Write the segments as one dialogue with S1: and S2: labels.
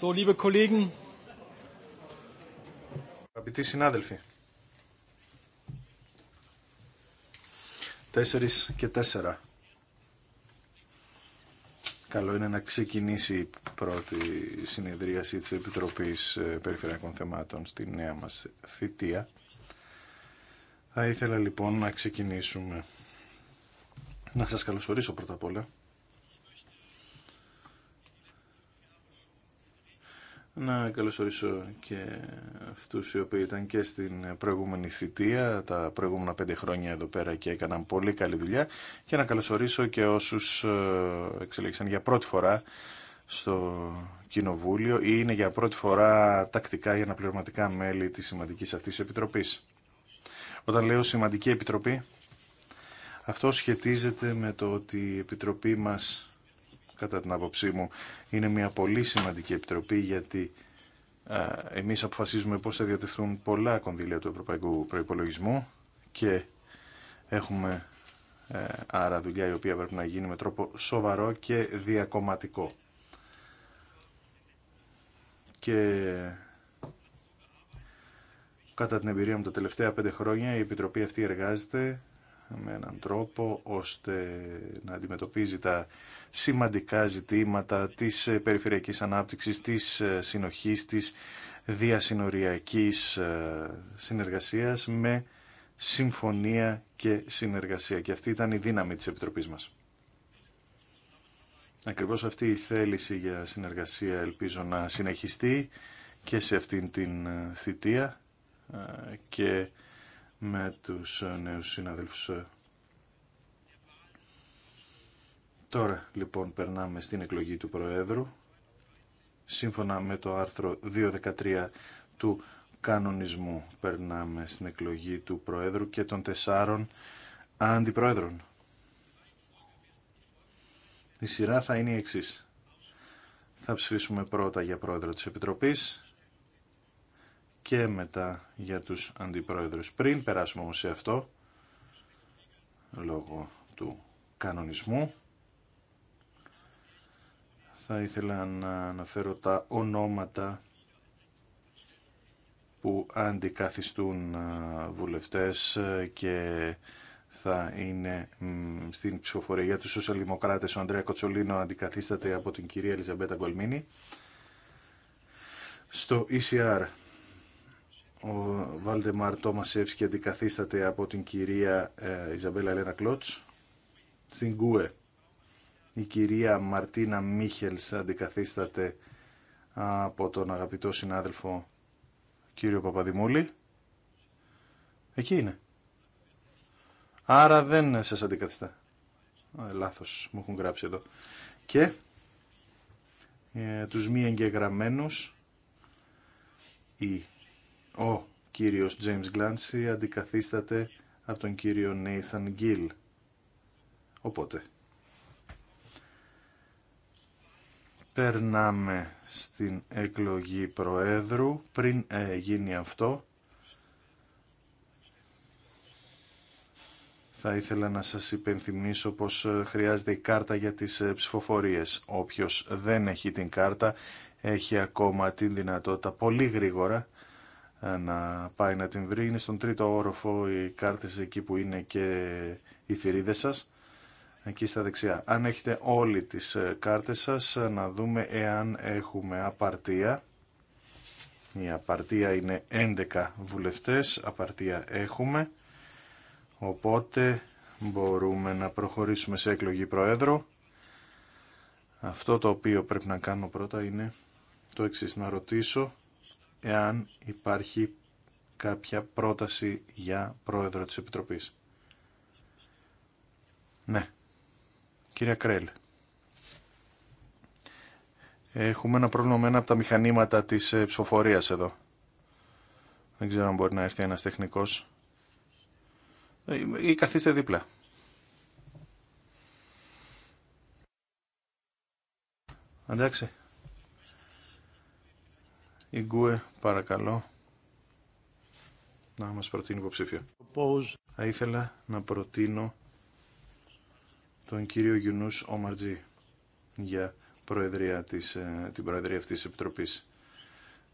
S1: So, liebe Kollegen.
S2: Αγαπητοί συνάδελφοι. τέσσερις και τέσσερα. Καλό είναι να ξεκινήσει η πρώτη συνεδρίαση της Επιτροπής ε, Περιφερειακών Θεμάτων στη νέα μας θητεία. Θα ήθελα λοιπόν να ξεκινήσουμε. Να σας καλωσορίσω πρώτα απ' όλα Να καλωσορίσω και αυτούς οι οποίοι ήταν και στην προηγούμενη θητεία, τα προηγούμενα πέντε χρόνια εδώ πέρα και έκαναν πολύ καλή δουλειά και να καλωσορίσω και όσους ε, εξελίξαν για πρώτη φορά στο Κοινοβούλιο ή είναι για πρώτη φορά τακτικά ή αναπληρωματικά μέλη τη σημαντικής αυτής επιτροπής. Όταν λέω σημαντική επιτροπή, αυτό σχετίζεται με το ότι η επιτροπή μας κατά την άποψή μου, είναι μια πολύ σημαντική επιτροπή γιατί ε, εμείς αποφασίζουμε πώς θα διατεθούν πολλά κονδύλια του ευρωπαϊκού προϋπολογισμού και έχουμε ε, άρα δουλειά η οποία πρέπει να γίνει με τρόπο σοβαρό και διακομματικό. Και κατά την εμπειρία μου τα τελευταία πέντε χρόνια η Επιτροπή αυτή εργάζεται με έναν τρόπο ώστε να αντιμετωπίζει τα σημαντικά ζητήματα της ε, περιφερειακής ανάπτυξης, της ε, συνοχής, της διασυνοριακής ε, συνεργασίας με συμφωνία και συνεργασία. Και αυτή ήταν η δύναμη της Επιτροπής μας. Ακριβώς αυτή η θέληση για συνεργασία ελπίζω να συνεχιστεί και σε αυτήν την θητεία και με τους ε, νέους συναδέλφους. Τώρα λοιπόν περνάμε στην εκλογή του Προέδρου. Σύμφωνα με το άρθρο 2.13 του κανονισμού περνάμε στην εκλογή του Προέδρου και των τεσσάρων αντιπρόεδρων. Η σειρά θα είναι η εξής. Θα ψηφίσουμε πρώτα για Πρόεδρο της Επιτροπής, και μετά για τους αντιπρόεδρους. Πριν περάσουμε όμως σε αυτό, λόγω του κανονισμού, θα ήθελα να αναφέρω τα ονόματα που αντικαθιστούν βουλευτές και θα είναι στην ψηφοφορία για τους σοσιαλδημοκράτες. Ο Ανδρέα Κοτσολίνο αντικαθίσταται από την κυρία Ελιζαμπέτα Γκολμίνη. Στο ECR ο Βάλτεμαρ Τόμασεύσκη αντικαθίσταται από την κυρία ε, Ιζαμπέλα Ελένα Κλότς. Στην ΚΟΕ η κυρία Μαρτίνα Μίχελς αντικαθίσταται από τον αγαπητό συνάδελφο κύριο Παπαδημούλη. Εκεί είναι. Άρα δεν σας αντικαθιστά. Ε, λάθος, μου έχουν γράψει εδώ. Και ε, τους μη εγγεγραμμένους η ο κύριος James Glancy αντικαθίσταται από τον κύριο Nathan Gill. Οπότε, περνάμε στην εκλογή Προέδρου. Πριν ε, γίνει αυτό, θα ήθελα να σας υπενθυμίσω πως ε, χρειάζεται η κάρτα για τις ε, ψηφοφορίες. Όποιος δεν έχει την κάρτα, έχει ακόμα την δυνατότητα πολύ γρήγορα ε, να πάει να την βρει. Είναι στον τρίτο όροφο οι κάρτες εκεί που είναι και οι θηρίδες σας. Εκεί στα δεξιά. Αν έχετε όλοι τις ε, κάρτες σας, ε, να δούμε εάν έχουμε απαρτία. Η απαρτία είναι 11 βουλευτές, απαρτία έχουμε. Οπότε μπορούμε να προχωρήσουμε σε εκλογή Προέδρου. Αυτό το οποίο πρέπει να κάνω πρώτα είναι το εξής, να ρωτήσω εάν υπάρχει κάποια πρόταση για πρόεδρο της Επιτροπής. Ναι. κύριε Κρέλ. Έχουμε ένα πρόβλημα με ένα από τα μηχανήματα της ε, ψηφοφορίας εδώ. Δεν ξέρω αν μπορεί να έρθει ένας τεχνικός. Ε, ή καθίστε δίπλα. Εντάξει. Η Γκουε, παρακαλώ, να μας προτείνει υποψήφιο. Θα ήθελα να προτείνω τον κύριο Γιουνούς Ομαρτζή για προεδρία της, ε, την προεδρία αυτής της Επιτροπής.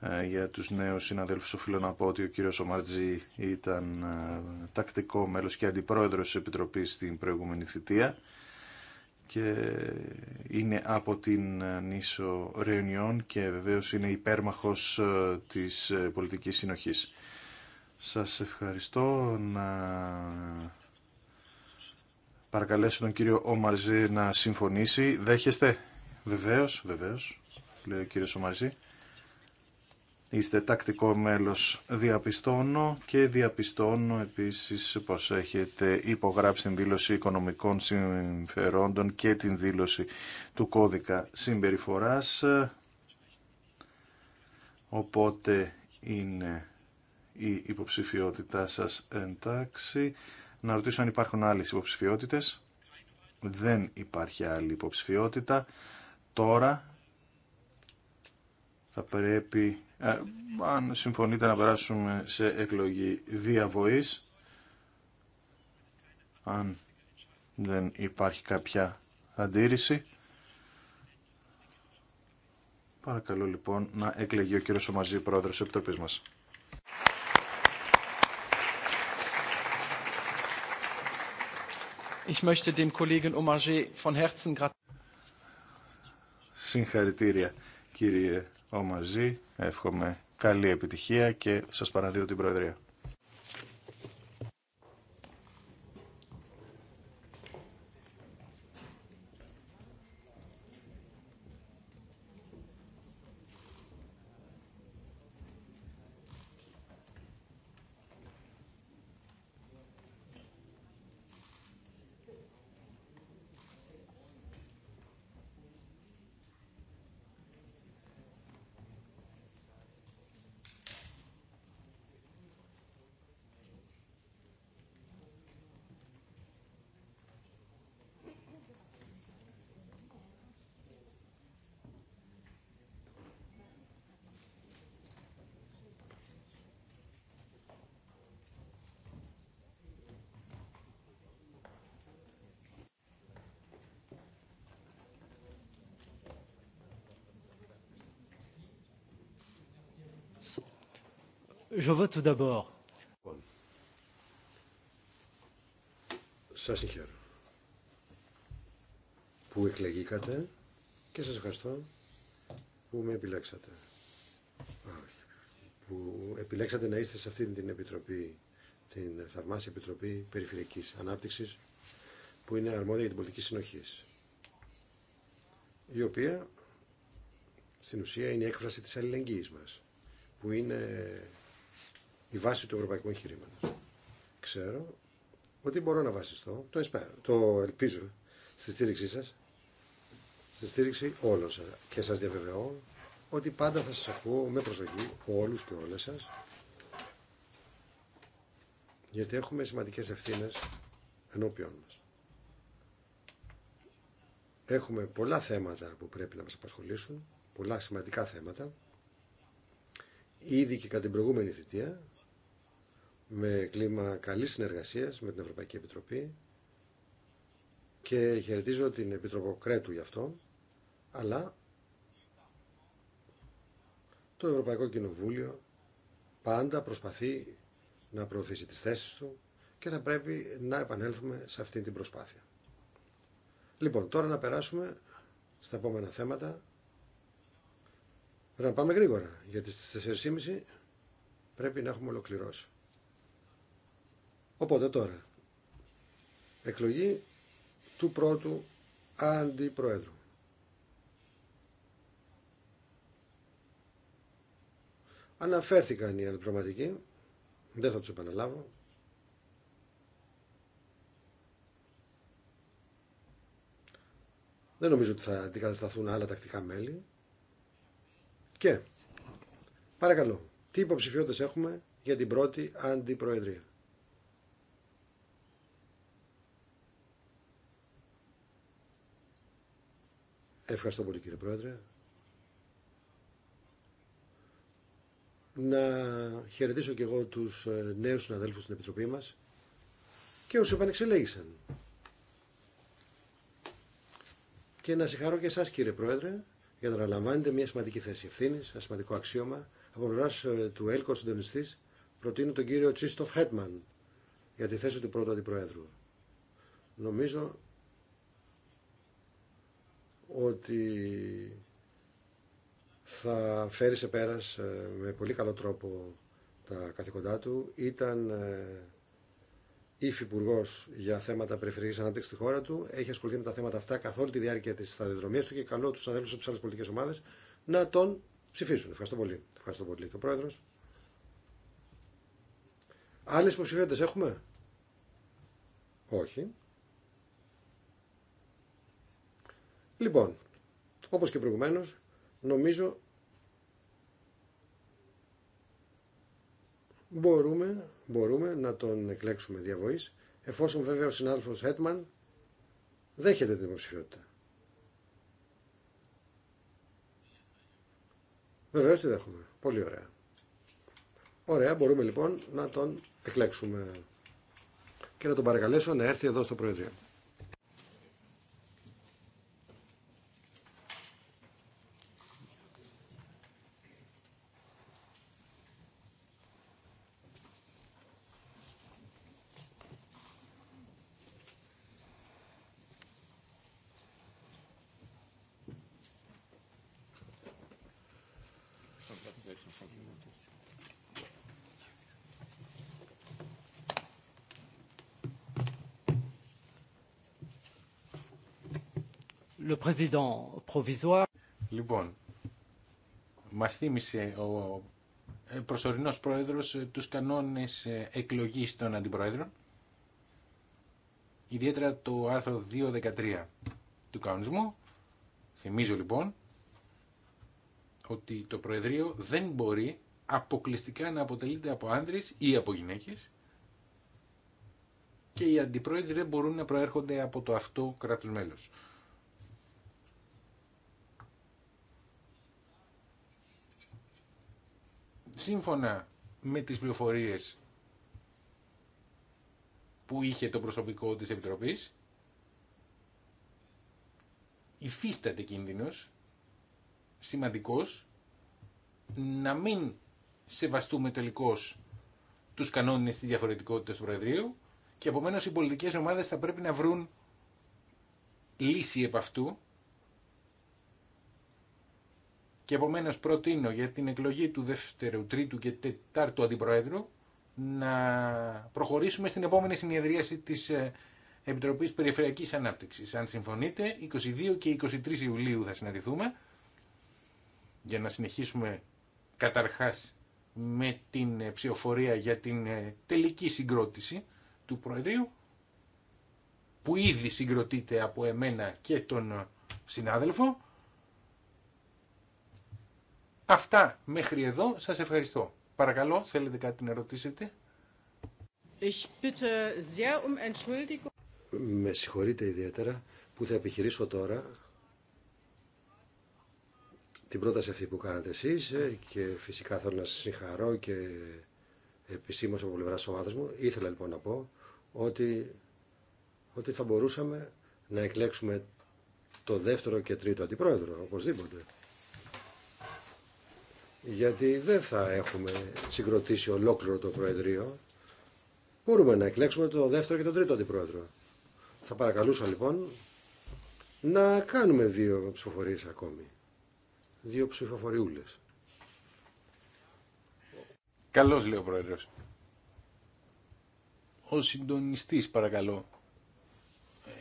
S2: Ε, για τους νέους συναδέλφους οφείλω να πω ότι ο κύριος Ομαρτζή ήταν ε, τακτικό μέλος και αντιπρόεδρος της Επιτροπής στην προηγούμενη θητεία και είναι από την ε, νήσο Ρεωνιών και βεβαίως είναι υπέρμαχος ε, της ε, πολιτικής συνοχής. Σας ευχαριστώ να παρακαλέσω τον κύριο Ομαρζή να συμφωνήσει. Δέχεστε. Βεβαίως, βεβαίως, λέει ο κύριος Ομαρζή είστε τακτικό μέλος διαπιστώνω και διαπιστώνω επίσης πως έχετε υπογράψει την δήλωση οικονομικών συμφερόντων και την δήλωση του κώδικα συμπεριφοράς οπότε είναι η υποψηφιότητά σας εντάξει να ρωτήσω αν υπάρχουν άλλες υποψηφιότητες δεν υπάρχει άλλη υποψηφιότητα τώρα θα πρέπει, ε, αν συμφωνείτε, να περάσουμε σε εκλογή διαβοής, αν δεν υπάρχει κάποια αντίρρηση. Παρακαλώ λοιπόν να εκλεγεί ο κύριος Ομαζή, πρόεδρος της Επιτροπής μας.
S1: Ich möchte dem Kollegen von Herzen
S2: Συγχαρητήρια κύριε Ομαζή. Εύχομαι καλή επιτυχία και σας παραδίδω την Προεδρία.
S3: Je vote tout d'abord. Λοιπόν, σας συγχαίρω που εκλεγήκατε και σας ευχαριστώ που με επιλέξατε. Που επιλέξατε να είστε σε αυτή την επιτροπή, την θαυμάσια επιτροπή περιφερειακής ανάπτυξης που είναι αρμόδια για την πολιτική συνοχή. Η οποία στην ουσία είναι η έκφραση της αλληλεγγύης μας που είναι η βάση του ευρωπαϊκού εγχειρήματο. Ξέρω ότι μπορώ να βασιστώ, το, το ελπίζω, στη στήριξή σας, στη στήριξη όλων σας. Και σας διαβεβαιώ ότι πάντα θα σας ακούω με προσοχή όλους και όλες σας, γιατί έχουμε σημαντικές ευθύνες ενώπιον μας. Έχουμε πολλά θέματα που πρέπει να μας απασχολήσουν, πολλά σημαντικά θέματα, ήδη και κατά την προηγούμενη θητεία με κλίμα καλής συνεργασίας με την Ευρωπαϊκή Επιτροπή και χαιρετίζω την Επιτροπό Κρέτου γι' αυτό, αλλά το Ευρωπαϊκό Κοινοβούλιο πάντα προσπαθεί να προωθήσει τις θέσεις του και θα πρέπει να επανέλθουμε σε αυτή την προσπάθεια. Λοιπόν, τώρα να περάσουμε στα επόμενα θέματα Πρέπει να πάμε γρήγορα, γιατί στις 4.30 πρέπει να έχουμε ολοκληρώσει. Οπότε τώρα, εκλογή του πρώτου αντιπροέδρου. Αναφέρθηκαν οι αντιπροματικοί, δεν θα τους επαναλάβω. Δεν νομίζω ότι θα αντικατασταθούν άλλα τακτικά μέλη. Και, παρακαλώ, τι υποψηφιότητε έχουμε για την πρώτη αντιπροεδρία. Ευχαριστώ πολύ κύριε Πρόεδρε. Να χαιρετήσω και εγώ τους ε, νέους συναδέλφους στην Επιτροπή μας και όσοι επανεξελέγησαν. Και να συγχαρώ και εσάς κύριε Πρόεδρε αναλαμβάνετε μια σημαντική θέση ευθύνη, ένα σημαντικό αξίωμα. Από πλευρά ε, του ΕΛΚΟ συντονιστή προτείνω τον κύριο Τσίστοφ Χέτμαν για τη θέση του πρώτου αντιπροέδρου. Νομίζω ότι θα φέρει σε πέρας ε, με πολύ καλό τρόπο τα καθήκοντά του. Ήταν ε, υφυπουργό για θέματα περιφερειακή ανάπτυξη στη χώρα του. Έχει ασχοληθεί με τα θέματα αυτά καθ' όλη τη διάρκεια τη σταδιοδρομία του και καλώ του αδέλφου από τι άλλε πολιτικέ ομάδε να τον ψηφίσουν. Ευχαριστώ πολύ. Ευχαριστώ πολύ και ο πρόεδρο. Άλλε υποψηφιότητε έχουμε. Όχι. Λοιπόν, όπως και προηγουμένω, νομίζω μπορούμε μπορούμε να τον εκλέξουμε διαβοής, εφόσον βέβαια ο συνάδελφος Χέτμαν δέχεται την υποψηφιότητα. Βεβαίω τη δέχομαι. Πολύ ωραία. Ωραία, μπορούμε λοιπόν να τον εκλέξουμε και να τον παρακαλέσω να έρθει εδώ στο Προεδρείο.
S1: Le président provisoire. Λοιπόν, μα θύμισε ο ε, προσωρινό πρόεδρο ε, του κανόνε εκλογή των αντιπρόεδρων, ιδιαίτερα το άρθρο 2.13 του κανονισμού. Θυμίζω λοιπόν ότι το Προεδρείο δεν μπορεί αποκλειστικά να αποτελείται από άνδρες ή από γυναίκες και οι αντιπρόεδροι δεν μπορούν να προέρχονται από το αυτό κράτος μέλος. σύμφωνα με τις πληροφορίες που είχε το προσωπικό της Επιτροπής, υφίσταται κίνδυνος σημαντικός να μην σεβαστούμε τελικώς τους κανόνες της διαφορετικότητας του Προεδρείου και επομένως οι πολιτικές ομάδες θα πρέπει να βρουν λύση επ' αυτού και επομένω προτείνω για την εκλογή του δεύτερου, τρίτου και τετάρτου αντιπροέδρου να προχωρήσουμε στην επόμενη συνεδρίαση της ε, Επιτροπής Περιφερειακής Ανάπτυξης. Αν συμφωνείτε, 22 και 23 Ιουλίου θα συναντηθούμε για να συνεχίσουμε καταρχάς με την ε, ψηφοφορία για την ε, τελική συγκρότηση του Προεδρείου που ήδη συγκροτείται από εμένα και τον συνάδελφο Αυτά μέχρι εδώ. Σας ευχαριστώ. Παρακαλώ, θέλετε κάτι να ρωτήσετε. Ich bitte sehr um Entschuldigung.
S3: Με συγχωρείτε ιδιαίτερα που θα επιχειρήσω τώρα την πρόταση αυτή που κάνατε εσείς ε, και φυσικά θέλω να σας συγχαρώ και επισήμως από πλευρά ομάδας μου. Ήθελα λοιπόν να πω ότι, ότι θα μπορούσαμε να εκλέξουμε το δεύτερο και τρίτο αντιπρόεδρο, οπωσδήποτε γιατί δεν θα έχουμε συγκροτήσει ολόκληρο το Προεδρείο. Μπορούμε να εκλέξουμε το δεύτερο και το τρίτο αντιπρόεδρο. Θα παρακαλούσα λοιπόν να κάνουμε δύο ψηφοφορίες ακόμη. Δύο ψηφοφοριούλες. Καλώς λέει ο Πρόεδρος. Ο
S1: συντονιστής παρακαλώ.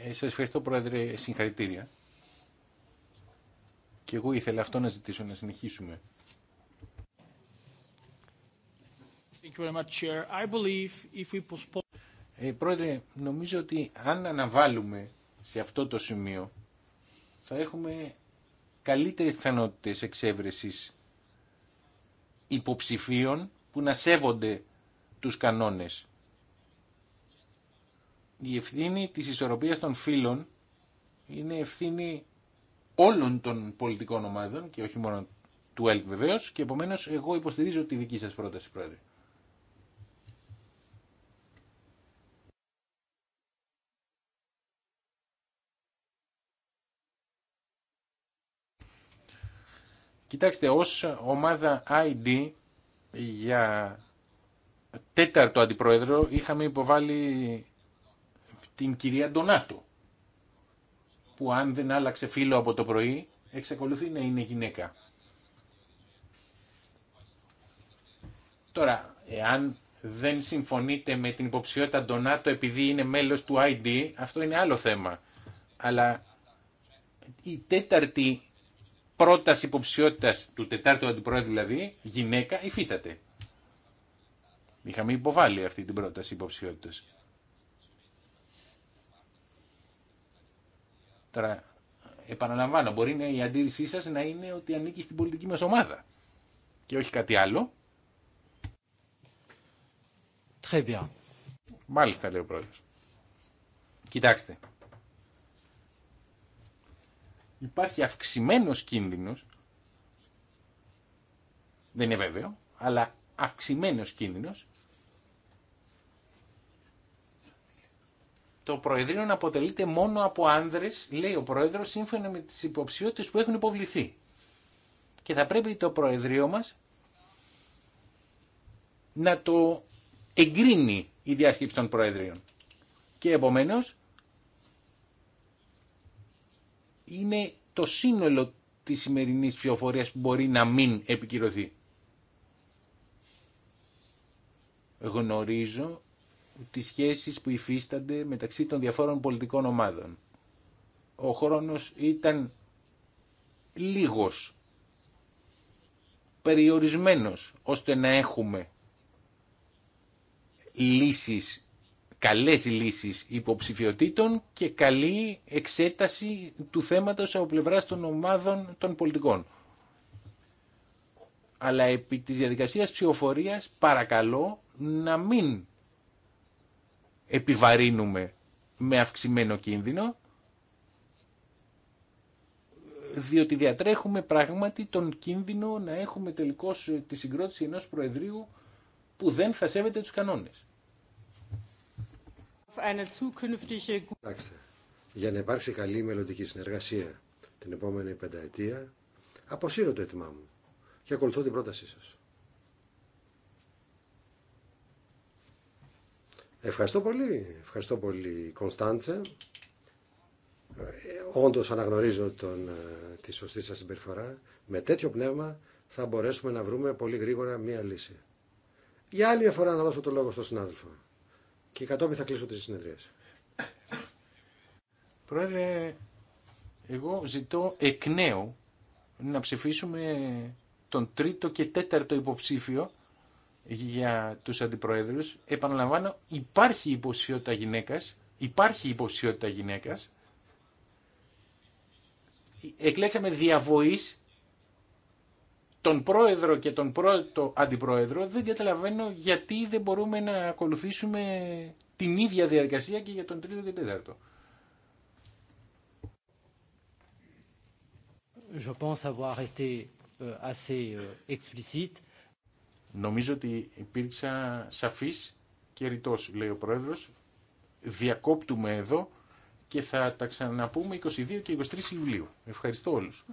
S1: Ε, σας ευχαριστώ Πρόεδρε συγχαρητήρια. Και εγώ ήθελα αυτό να ζητήσω να συνεχίσουμε Ε, πρόεδρε, νομίζω ότι αν αναβάλουμε σε αυτό το σημείο θα έχουμε καλύτερες πιθανότητες εξέβρεσης υποψηφίων που να σέβονται τους κανόνες. Η ευθύνη της ισορροπίας των φύλων είναι ευθύνη όλων των πολιτικών ομάδων και όχι μόνο του ΕΛΚ βεβαίως και επομένως εγώ υποστηρίζω τη δική σας πρόταση πρόεδρε. Κοιτάξτε, ως ομάδα ID για τέταρτο αντιπρόεδρο είχαμε υποβάλει την κυρία Ντονάτο που αν δεν άλλαξε φίλο από το πρωί εξακολουθεί να είναι γυναίκα. Τώρα, εάν δεν συμφωνείτε με την υποψηφιότητα Ντονάτο επειδή είναι μέλος του ID, αυτό είναι άλλο θέμα. Αλλά η τέταρτη πρόταση υποψηφιότητα του τετάρτου αντιπρόεδρου δηλαδή, γυναίκα, υφίσταται. Είχαμε υποβάλει αυτή την πρόταση υποψηφιότητα. Τώρα, επαναλαμβάνω, μπορεί να η αντίρρησή σα να είναι ότι ανήκει στην πολιτική μα ομάδα και όχι κάτι άλλο. Très bien. Μάλιστα, λέει ο πρόεδρος. Κοιτάξτε, υπάρχει αυξημένος κίνδυνος, δεν είναι βέβαιο, αλλά αυξημένος κίνδυνος, το Προεδρείο να αποτελείται μόνο από άνδρες, λέει ο Πρόεδρος, σύμφωνα με τις υποψιότητες που έχουν υποβληθεί. Και θα πρέπει το Προεδρείο μας να το εγκρίνει η διάσκεψη των Προεδρείων Και επομένως είναι το σύνολο της σημερινής ψηφοφορία που μπορεί να μην επικυρωθεί. Γνωρίζω τις σχέσεις που υφίστανται μεταξύ των διαφόρων πολιτικών ομάδων. Ο χρόνος ήταν λίγος, περιορισμένος, ώστε να έχουμε λύσεις καλές λύσεις υποψηφιωτήτων και καλή εξέταση του θέματος από πλευράς των ομάδων των πολιτικών. Αλλά επί της διαδικασίας ψηφοφορίας παρακαλώ να μην επιβαρύνουμε με αυξημένο κίνδυνο διότι διατρέχουμε πράγματι τον κίνδυνο να έχουμε τελικώς τη συγκρότηση ενός προεδρίου που δεν θα σέβεται τους κανόνες
S3: για να υπάρξει καλή μελλοντική συνεργασία την επόμενη πενταετία, αποσύρω το έτοιμά μου και ακολουθώ την πρότασή σας. Ευχαριστώ πολύ. Ευχαριστώ πολύ, Κωνσταντσε. Ε, όντως αναγνωρίζω τον, ε, τη σωστή σας συμπεριφορά. Με τέτοιο πνεύμα θα μπορέσουμε να βρούμε πολύ γρήγορα μία λύση. Για άλλη μια φορά να δώσω το λόγο στον συνάδελφο και κατόπιν θα κλείσω τις συνεδρίες. Πρόεδρε, εγώ
S1: ζητώ εκ νέου να ψηφίσουμε τον τρίτο και τέταρτο υποψήφιο για τους αντιπροέδρους. Επαναλαμβάνω, υπάρχει υποψηφιότητα γυναίκας, υπάρχει υποψηφιότητα γυναίκας. Εκλέξαμε διαβοής τον πρόεδρο και τον πρώτο αντιπρόεδρο δεν καταλαβαίνω γιατί δεν μπορούμε να ακολουθήσουμε την ίδια διαδικασία και για τον τρίτο και τέταρτο.
S3: Je pense avoir été euh, assez euh, explicite.
S1: Νομίζω ότι υπήρξα σαφής και ρητός, λέει ο Πρόεδρος. Διακόπτουμε εδώ και θα τα ξαναπούμε 22 και 23 Ιουλίου. Ευχαριστώ όλους.